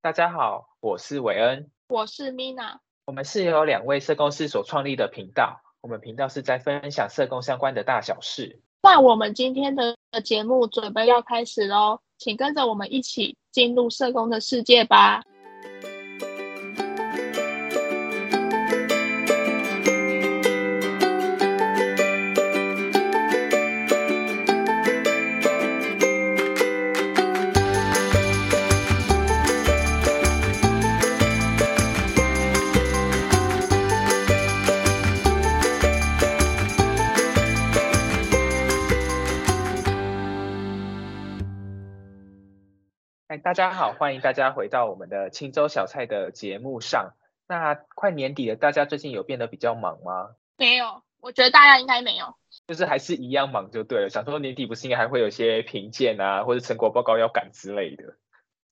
大家好，我是韋恩，我是 Mina，我們是由兩位社工師所創立的頻道，我們頻道是在分享社工相關的大小事。那我們今天的節目準備要開始嘍，請跟着我們一起進入社工的世界吧。大家好，歡迎大家回到我們的青州小菜的節目上。那快年底了，大家最近有變得比較忙嗎？沒有，我覺得大家應該沒有，就是還是一樣忙就對了。想說年底不是應該還會有一些評鑑啊，或者成果報告要趕之類的。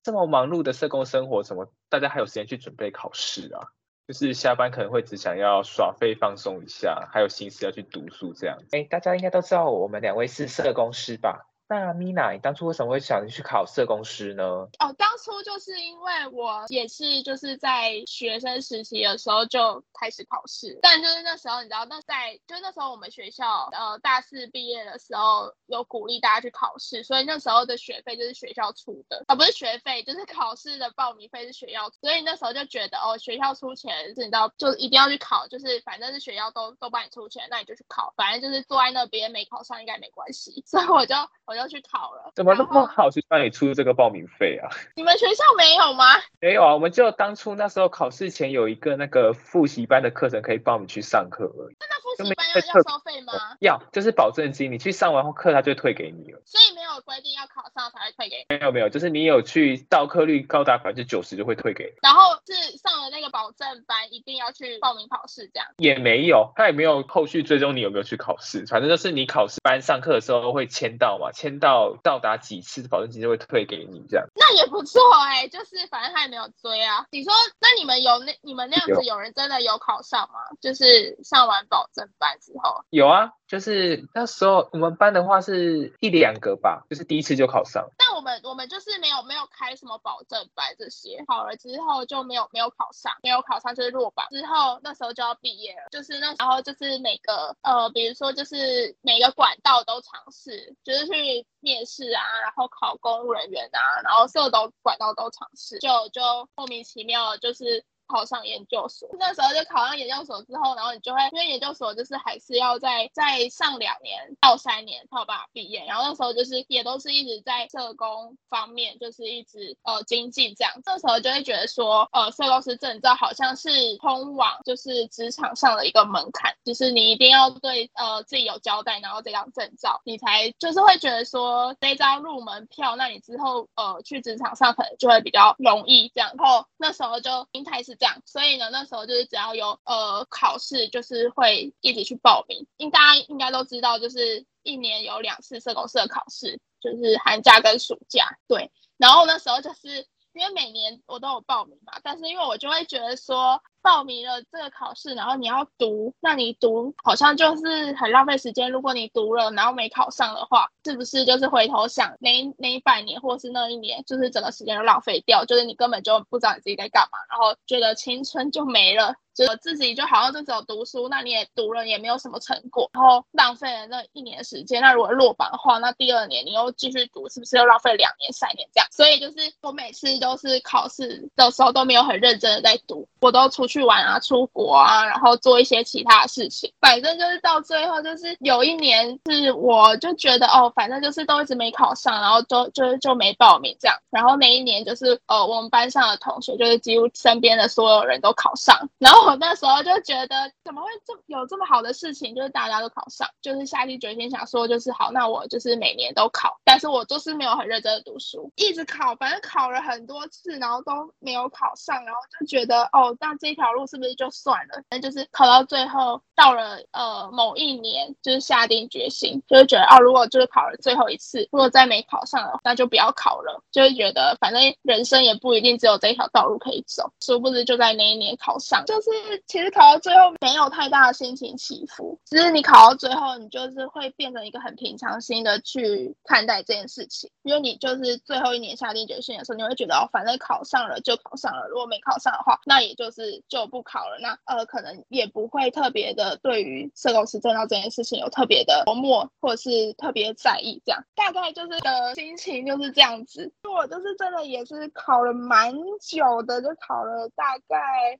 這麼忙碌的社工生活，怎麼大家還有時間去準備考試啊？就是下班可能會只想要耍廢放鬆一下，還有心思要去讀書這樣子。哎，大家應該都知道我們兩位是社工師吧？那 Mina，你當初為什麼會想去考社工師呢？當初就是因為我也是就是在學生時期的時候就開始考試，但就是那時候你知道那在就那時候我們學校呃大四畢業的時候有鼓勵大家去考試，所以那時候的學費就是學校出的啊，不是學費就是考試的報名費是學校，所以那時候就覺得哦學校出錢，就是你知道就一定要去考，就是反正是學校都都幫你出錢，那你就去考，反正就是坐在那邊沒考上應該沒關係，所以我就我就去考了，怎麼那麼好去幫然後你出這個報名費啊？你們學校沒有嗎？沒有啊，我們就當初那時候考試前有一個那個複習班的課程可以幫我們去上課而已。那那複習班要要收費嗎？要，就是保證金，你去上完課他就退給你了。所以沒有規定要考上才會退給你，沒有沒有，就是你有去到課率高達百分之九十就會退給你。然後是上了那個保證班，一定要去報名考試這樣。也沒有，他也沒有後續追蹤你有沒有去考試，反正就是你考試班上課的時候會簽到嘛，簽到到達幾次，保證金就會退給你這樣。那也不錯哎、欸，就是反正他也沒有追啊。你說那你們有那你們那樣子有人真的有考上嗎？有就是上完保證班之後。有啊。就是那時候，我們班的話是一兩個吧，就是第一次就考上。但我們我們就是沒有沒有開什麼保證班這些，好了之後就沒有沒有考上，沒有考上就是落榜。之後那時候就要畢業了，就是那時候就是每個呃，比如說就是每個管道都嘗試，就是去面試啊，然後考公務人員啊，然後所有都管道都嘗試，就就莫名其妙的就是。考上研究所，那時候就考上研究所之後，然後你就會因為研究所就是還是要在在上兩年到三年好吧，畢業。然後那時候就是也都是一直在社工方面，就是一直呃精進這樣。這時候就會覺得說，呃，社工師證照好像是通往就是職場上的一個門檻，就是你一定要對呃自己有交代，然後這張證照，你才就是會覺得說這張入門票，那你之後呃去職場上可能就會比較容易這樣。然後那時候就開是。這樣，所以呢，那時候就是只要有呃考試，就是會一直去報名。應大家應該都知道，就是一年有兩次社工師考試，就是寒假跟暑假，對。然後那時候就是因為每年我都有報名嘛，但是因為我就會覺得說。報名了這個考試，然後你要讀，那你讀好像就是很浪費時間。如果你讀了，然後沒考上的話，是不是就是回頭想那哪一,一百年或是那一年，就是整個時間都浪費掉，就是你根本就不知道你自己在幹嘛，然後覺得青春就沒了，覺得自己就好像就只有讀書，那你也讀了也沒有什麼成果，然後浪費了那一年的時間。那如果落榜的話，那第二年你又繼續讀，是不是又浪費兩年三年這樣？所以就是我每次都是考試的時候都沒有很認真的在讀，我都出去。去玩啊，出國啊，然後做一些其他的事情，反正就是到最後，就是有一年是我就覺得哦，反正就是都一直沒考上，然後就就是就沒報名這樣。然後那一年就是呃、哦，我們班上的同學就是幾乎身邊的所有人都考上，然後我那時候就覺得怎麼會這有這麼好的事情，就是大家都考上，就是下定決心想說就是好，那我就是每年都考，但是我就是沒有很認真的讀書，一直考，反正考了很多次，然後都沒有考上，然後就覺得哦，那這一條。考路是不是就算了？那就是考到最後，到了呃某一年，就是下定決心，就是覺得哦、啊，如果就是考了最後一次，如果再沒考上了，那就不要考了。就會覺得反正人生也不一定只有這一條道路可以走。殊不知就在那一年考上，就是其實考到最後沒有太大的心情起伏。只是你考到最後，你就是會變成一個很平常心的去看待這件事情。因為你就是最後一年下定決心的時候，你會覺得哦，反正考上了就考上了，如果沒考上的話，那也就是就。就不考了，那呃，可能也不會特別的對於社工師證照這件事情有特別的磨墨，或者是特別在意，這樣大概就是的、呃、心情就是這樣子。我就是真的也是考了蠻久的，就考了大概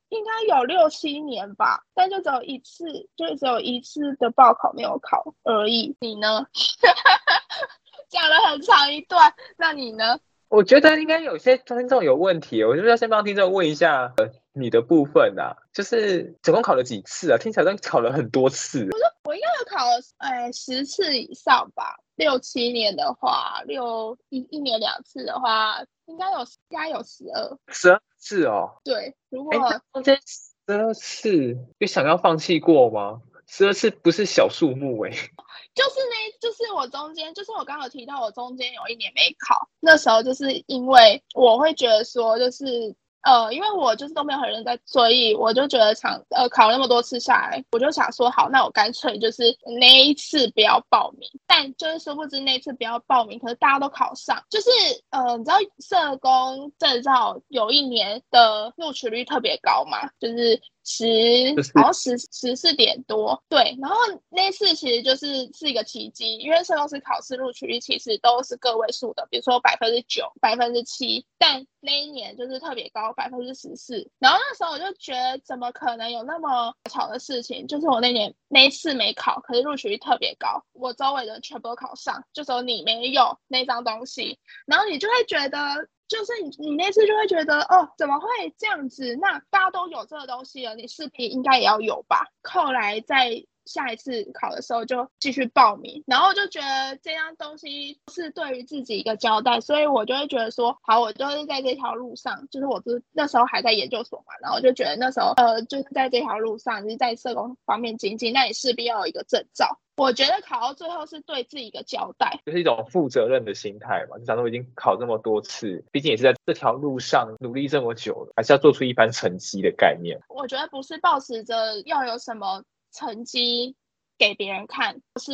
應該有六七年吧，但就只有一次，就只有一次的報考沒有考而已。你呢？講 了很長一段，那你呢？我覺得應該有些聽眾有問題，我是不是要先幫聽眾問一下？你的部分啊，就是總共考了幾次啊？聽起來好像考了很多次。我說我應該有考了，哎、欸，十次以上吧。六七年的話，六一一年兩次的話，應該有，應該有十二。十二次哦。對，如果中間、欸、十二次，你想要放棄過嗎？十二次不是小數目哎、欸。就是呢，就是我中間，就是我剛剛提到我中間有一年沒考，那時候就是因為我會覺得說，就是。呃，因為我就是都沒有很認真，所以我就覺得想，呃，考了那麼多次下來，我就想說，好，那我乾脆就是那一次不要報名。但就是殊不知，那一次不要報名，可是大家都考上。就是，呃，你知道社工證照有一年的錄取率特別高嘛？就是。十，10，然後十十四點多，對。然後那次其實就是是一個奇蹟，因為社工師考試錄取率其實都是個位數的，比如說百分之九、百分之七，但那一年就是特別高，百分之十四。然後那時候我就覺得，怎麼可能有那麼巧的事情？就是我那年那次沒考，可是錄取率特別高，我周圍的人全部都考上，就說你沒有那張東西，然後你就會覺得。就是你，你那次就會覺得哦，怎麼會這樣子？那大家都有這個東西了，你勢必應該也要有吧？後來再。下一次考的時候就繼續報名，然後就覺得這樣東西是對於自己一個交代，所以我就會覺得說，好，我就是在這條路上，就是我是那時候還在研究所嘛，然後就覺得那時候呃，就是在這條路上，就是在社工方面精進，那你勢必要有一個證照。我覺得考到最後是對自己一個交代，就是一種負責任的心態嘛。就想說我已經考這麼多次，畢竟也是在這條路上努力這麼久了，還是要做出一番成績的概念。我覺得不是抱持着要有什麼。成績給別人看，是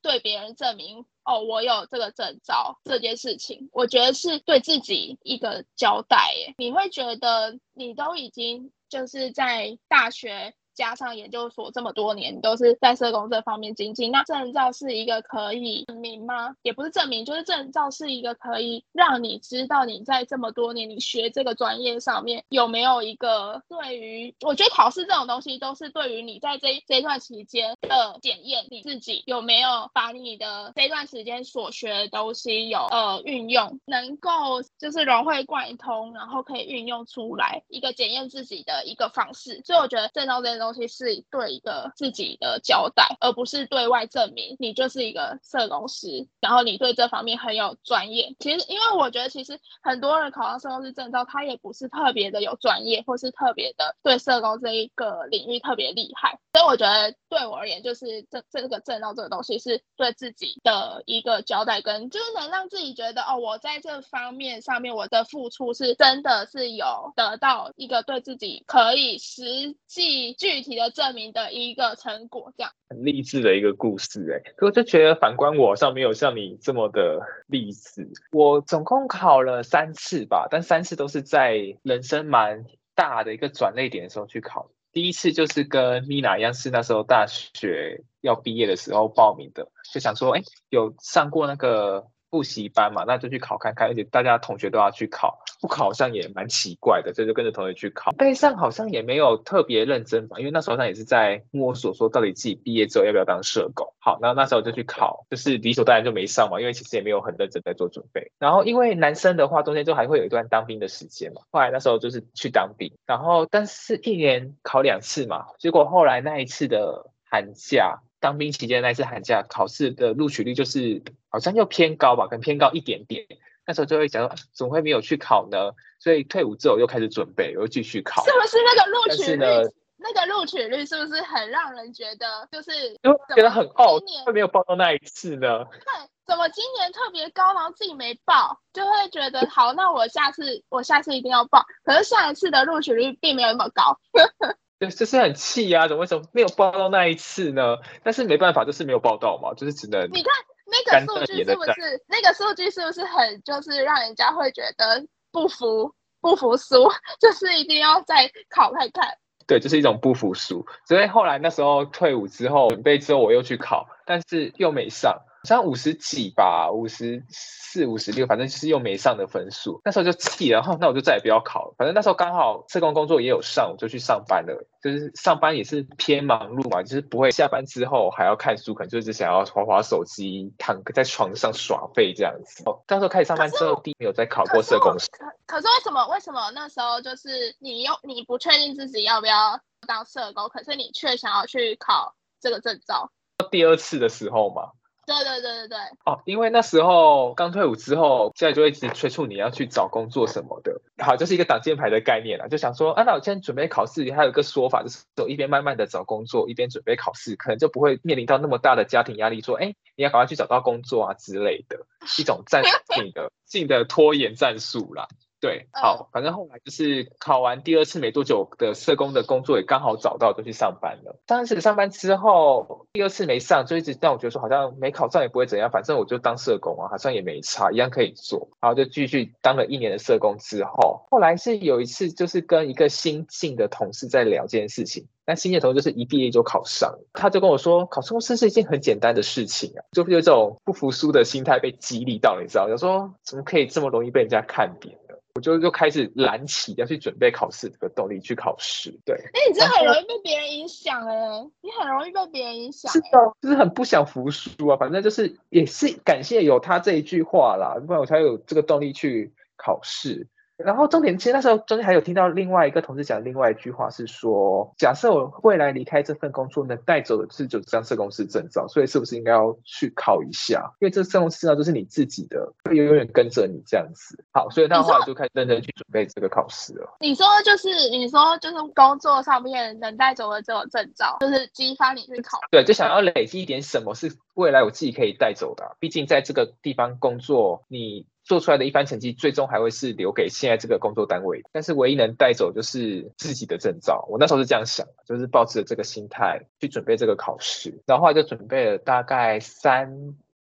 對別人證明哦，我有這個證照，這件事情，我覺得是對自己一個交代耶。你會覺得你都已經就是在大學。加上研究所這麼多年都是在社工這方面精進，那證照是一個可以證明嗎？也不是證明，就是證照是一個可以讓你知道你在這麼多年你學這個專業上面有沒有一個對於，我覺得考試這種東西都是對於你在這這一段期間的檢驗，你自己有沒有把你的這段時間所學的東西有呃運用，能夠就是融會貫通，然後可以運用出來一個檢驗自己的一個方式，所以我覺得證照這種。東西是對一個自己的交代，而不是對外證明你就是一個社工師，然後你對這方面很有專業。其實，因為我覺得，其實很多人考上社工師證照，他也不是特別的有專業，或是特別的對社工這一個領域特別厲害。所以，我覺得對我而言，就是這這個證照這個東西是對自己的一個交代，跟就是能讓自己覺得哦，我在這方面上面我的付出是真的是有得到一個對自己可以實際具。具體的證明的一個成果，這樣很勵志的一個故事，欸，誒。可我就覺得反觀我好像沒有像你這麼的勵志。我總共考了三次吧，但三次都是在人生蠻大的一個轉捩點的時候去考。第一次就是跟米娜一樣，是那時候大學要畢業的時候報名的，就想說，誒，有上過那個。補習班嘛，那就去考看看，而且大家同學都要去考，不考好像也蠻奇怪的，所以就跟着同學去考。沒上好像也沒有特別認真嘛，因為那時候他也是在摸索，說到底自己畢業之後要不要當社工。好，然後那時候就去考，就是理所當然就沒上嘛，因為其實也沒有很認真在做準備。然後因為男生的話，中間就還會有一段當兵的時間嘛，後來那時候就是去當兵。然後但是一年考兩次嘛，結果後來那一次的寒假當兵期間，那一次寒假考試的錄取率就是。好像又偏高吧，可能偏高一點點。那時候就會想，啊，怎麼會沒有去考呢？所以退伍之後又開始準備，又繼續考。是不是那個錄取率？那個錄取率是不是很讓人覺得就是？就覺得很懊，為、哦，年沒有報到那一次呢？對，怎麼今年特別高，然後自己沒報，就會覺得好，那我下次，我下次一定要報。可是上一次的錄取率並沒有那麼高， 對，就是很氣呀，啊，怎麼為什麼沒有報到那一次呢？但是沒辦法，就是沒有報到嘛，就是只能你看。那個數據是不是？那個數據是不是很就是讓人家會覺得不服、不服輸，就是一定要再考看看，對，就是一種不服輸。所以後來那時候退伍之後，準備之後，我又去考，但是又沒上。像五十幾吧，五十四、五十六，反正就是又沒上的分數，那時候就氣了，然後那我就再也不要考了。反正那時候剛好社工工作也有上，我就去上班了。就是上班也是偏忙碌嘛，就是不會下班之後還要看書，可能就是想要滑滑手機，躺在床上耍廢這樣子。哦，那時候開始上班之後，第一沒有再考過社工師。可是為什麼？為什麼那時候就是你又你不確定自己要不要當社工，可是你卻想要去考這個證照？第二次的時候嘛。對對對對對哦，因為那時候剛退伍之後，現在就一直催促你要去找工作什麼的。好，這，就是一個擋箭牌的概念啦，就想說，啊，那我現在準備考試，還有個說法就是，一邊慢慢的找工作，一邊準備考試，可能就不會面臨到那麼大的家庭壓力，說，哎，你要趕快去找到工作啊之類的一種戰性的性 的拖延戰術啦。對，好，反正後來就是考完第二次沒多久的社工的工作也剛好找到，就去上班了。當時上班之後，第二次沒上，就一直讓我覺得說好像沒考上也不會怎樣，反正我就當社工啊，好像也沒差，一樣可以做。然後就繼續當了一年的社工之後，後來是有一次就是跟一個新進的同事在聊這件事情，但新進的同事就是一畢業就考上了，他就跟我說，考社工師是一件很簡單的事情啊，就有一種不服輸的心態被激勵到，你知道嗎？就說怎麼可以這麼容易被人家看扁？就就開始燃起要去準備考試這個動力去考試，對。欸，你這很容易被別人影響欸。然後，你很容易被別人影響欸。是的，就是很不想服輸啊，反正就是也是感謝有他這一句話啦，不然我才有這個動力去考試。然後重點，其實那時候中間還有聽到另外一個同事講另外一句話，是說，假設我未來離開這份工作，能帶走的是就三社工師證照，所以是不是應該要去考一下？因為這證照就是你自己的，會永遠跟着你這樣子。好，所以他後來就開始認真去準備這個考試了。你說,你說就是你說就是工作上面能帶走的這種證照，就是激發你去考。對，就想要累積一點什麼是未來我自己可以帶走的、啊。畢竟在這個地方工作，你。做出來的一番成績，最終還會是留給現在這個工作單位，但是唯一能帶走就是自己的證照。我那時候是這樣想，就是抱持着這個心態去準備這個考試，然後，後來就準備了大概三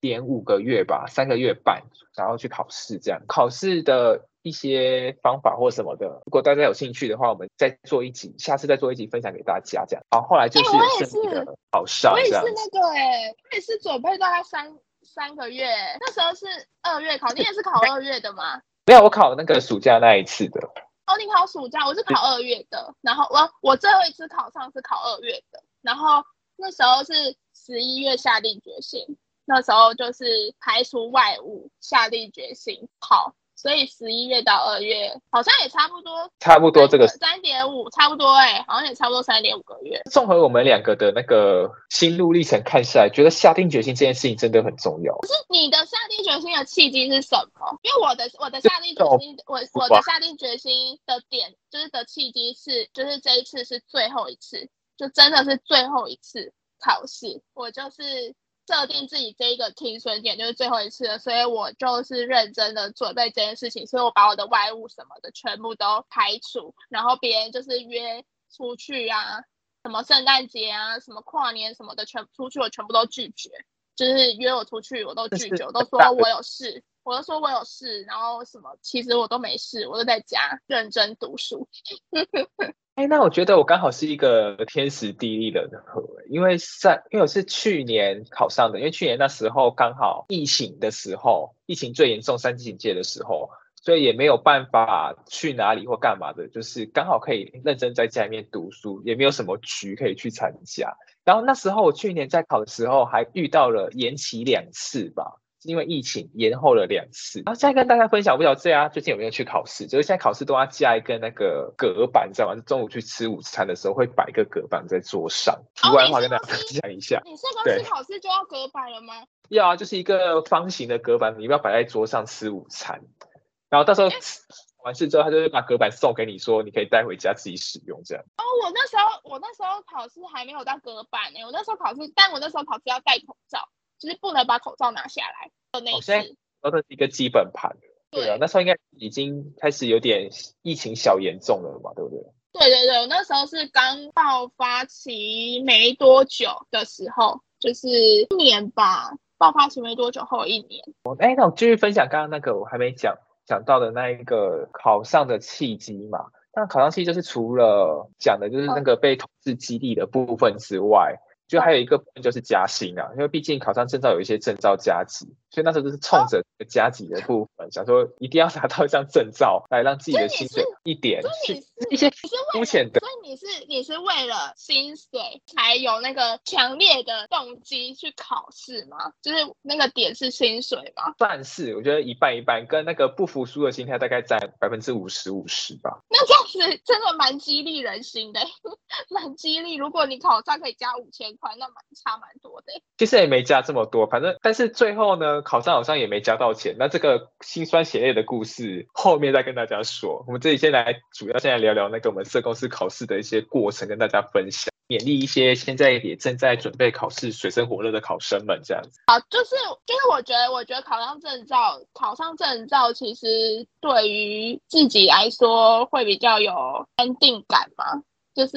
點五個月吧，三個月半，然後去考試。這樣考試的一些方法或什麼的，如果大家有興趣的話，我們再做一集，下次再做一集分享給大家。這樣，好，後來就是個好笑、欸、我也是，我也是那個誒、欸，我也是準備大概三。三個月，那時候是二月考，你也是考二月的嗎？沒有，我考那個暑假那一次的。哦，你考暑假，我是考二月的。然後我我最後一次考上是考二月的，然後那時候是十一月下定決心，那時候就是排除外務，下定決心考。好，所以十一月到二月好像也差不多，差不多這個三點五，差不多欸，好像也差不多三點五個月。綜合我們兩個的那個心路歷程看下來，覺得下定決心這件事情真的很重要。可是你的下定決心的契機是什麼？因為我的我的下定決心，我我的下定決心的點就是的契機是，就是這一次是最後一次，就真的是最後一次考試，我就是。設定自己這一個停損點就是最後一次，所以我就是認真的準備這件事情，所以我把我的外務什麼的全部都排除，然後別人就是約出去啊，什麼聖誕節啊，什麼跨年什麼的全出去，我全部都拒絕，就是約我出去我都拒絕，我都說我有事，我都說我有事，然後什麼，其實我都沒事，我都在家認真讀書。 哎，那我覺得我剛好是一個天時地利人和，因為在因為我是去年考上的，因為去年那時候剛好疫情的時候，疫情最嚴重三級警戒的時候，所以也沒有辦法去哪裡或幹嘛的，就是剛好可以認真在家裡面讀書，也沒有什麼局可以去參加。然後那時候我去年在考的時候還遇到了延期兩次吧。是因為疫情延後了兩次，然後現在跟大家分享，不知道這樣。最近有沒有去考試？就是現在考試都要加一個那個隔板，知道嗎？就中午去吃午餐的時候會擺個隔板在桌上。題、哦、外話跟大家分享一下，你這家去考試就要隔板了嗎？要啊，就是一個方形的隔板，你不要擺在桌上吃午餐。然後到時候、欸、完事之後，他就會把隔板送給你說，說你可以帶回家自己使用這樣。哦，我那時候我那時候考試還沒有到隔板呢、欸，我那時候考試，但我那時候考試要戴口罩。就是不能把口罩拿下來的那。哦，現在都是一個基本盤對，對啊，那時候應該已經開始有點疫情小嚴重了嘛，對不對？對對對，那時候是剛爆發期沒多久的時候，就是一年吧，爆發期沒多久後一年。我哎，那我繼續分享剛剛那個我還沒講講到的那一個考上的契機嘛。那考上契機就是除了講的就是那個被統治基地的部分之外。嗯就還有一個部分，就是加薪啊，因為畢竟考上證照有一些證照加給。所以那時候就是衝着加級的部分，啊、想說一定要拿到一張證照來讓自己的薪水一點去一些膚淺的，所以你是，你是，所以你是，你是為了薪水才有那個強烈的動機去考試嗎？就是那個點是薪水嗎？算是，我覺得一半一半，跟那個不服輸的心態大概占百分之五十五十吧。那這樣子真的蠻激勵人心的，蠻激勵。如果你考上可以加五千塊，那蠻差蠻多的。其實也沒加這麼多，反正但是最後呢。考上好像也沒加到錢，那這個心酸血淚的故事後面再跟大家說。我們這裡先來主要先來聊聊那個我們社工師考試的一些過程，跟大家分享，勉勵一些現在也正在準備考試、水深火熱的考生們。這樣子啊，就是，就是我覺得，我覺得考上證照，考上證照其實對於自己來說會比較有安定感嘛，就是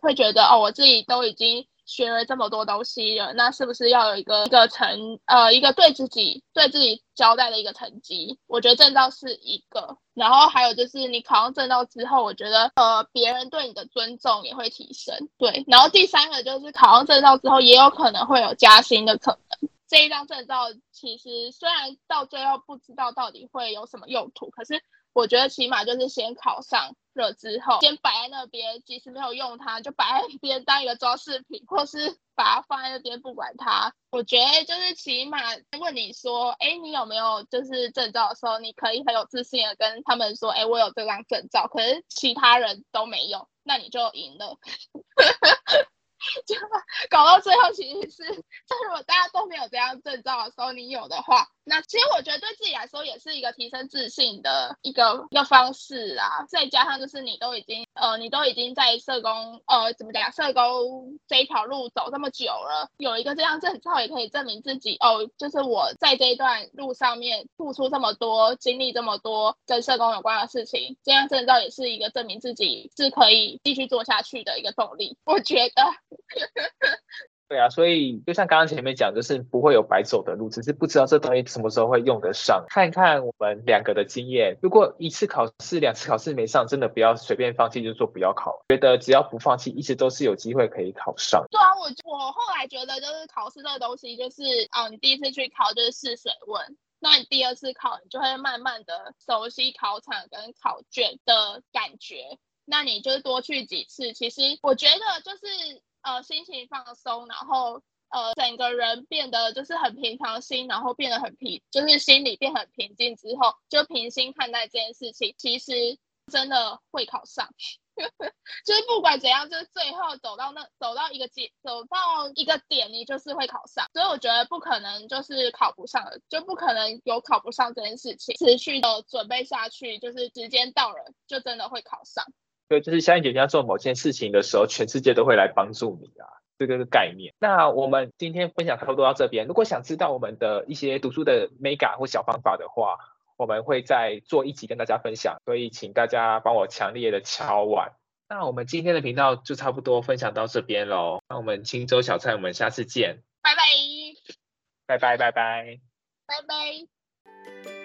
會覺得哦，我自己都已經。學了這麼多東西了，那是不是要有一個一個成呃一個對自己對自己交代的一個成績？我覺得證照是一個，然後還有就是你考上證照之後，我覺得呃別人對你的尊重也會提升，對。然後第三個就是考上證照之後，也有可能會有加薪的可能。這一張證照其實雖然到最後不知道到底會有什麼用途，可是。我覺得起碼就是先考上了之後，先擺在那邊，即使沒有用它，就擺在一邊當一個裝飾品，或是把它放在那邊不管它。我覺得就是起碼問你說，哎，你有沒有就是證照的時候，你可以很有自信的跟他們說，哎，我有這張證照，可是其他人都沒有，那你就贏了。 就 搞到最後，其實是，就如果大家都沒有這樣證照的時候，你有的話，那其實我覺得對自己來說也是一個提升自信的一個一個方式啊。再加上就是你都已經。呃，你都已經在社工，呃，怎麼講？社工這一條路走這麼久了，有一個這樣證照，也可以證明自己。哦，就是我在這一段路上面付出這麼多，經歷這麼多跟社工有關的事情，這樣證照也是一個證明自己是可以繼續做下去的一個動力，我覺得。 對啊，所以就像剛剛前面講，就是不會有白走的路，只是不知道這東西什麼時候會用得上。看一看我們兩個的經驗，如果一次考試、兩次考試沒上，真的不要隨便放棄，就是說不要考。覺得只要不放棄，一直都是有機會可以考上。對啊，我我後來覺得就是考試這個東西，就是哦，你第一次去考就是試水溫，那你第二次考，你就會慢慢的熟悉考場跟考卷的感覺。那你就是多去幾次，其實我覺得就是。呃，心情放鬆，然後呃，整個人變得就是很平常心，然後變得很平，就是心裡變很平靜之後，就平心看待這件事情，其實真的會考上。 就是不管怎樣，就是最後走到那，走到一個階，走到一個點，你就是會考上。所以我覺得不可能就是考不上，就不可能有考不上這件事情。持續的準備下去，就是時間到了，就真的會考上。對，就是相信人家做某件事情的時候，全世界都會來幫助你啊，這個概念。那我們今天分享差不多到這邊，如果想知道我們的一些讀書的眉角或小方法的話，我們會再做一集跟大家分享。所以請大家幫我強烈的敲碗。那我們今天的頻道就差不多分享到這邊嘍。那我們青州小菜，我們下次見，拜拜，拜拜拜拜，拜拜。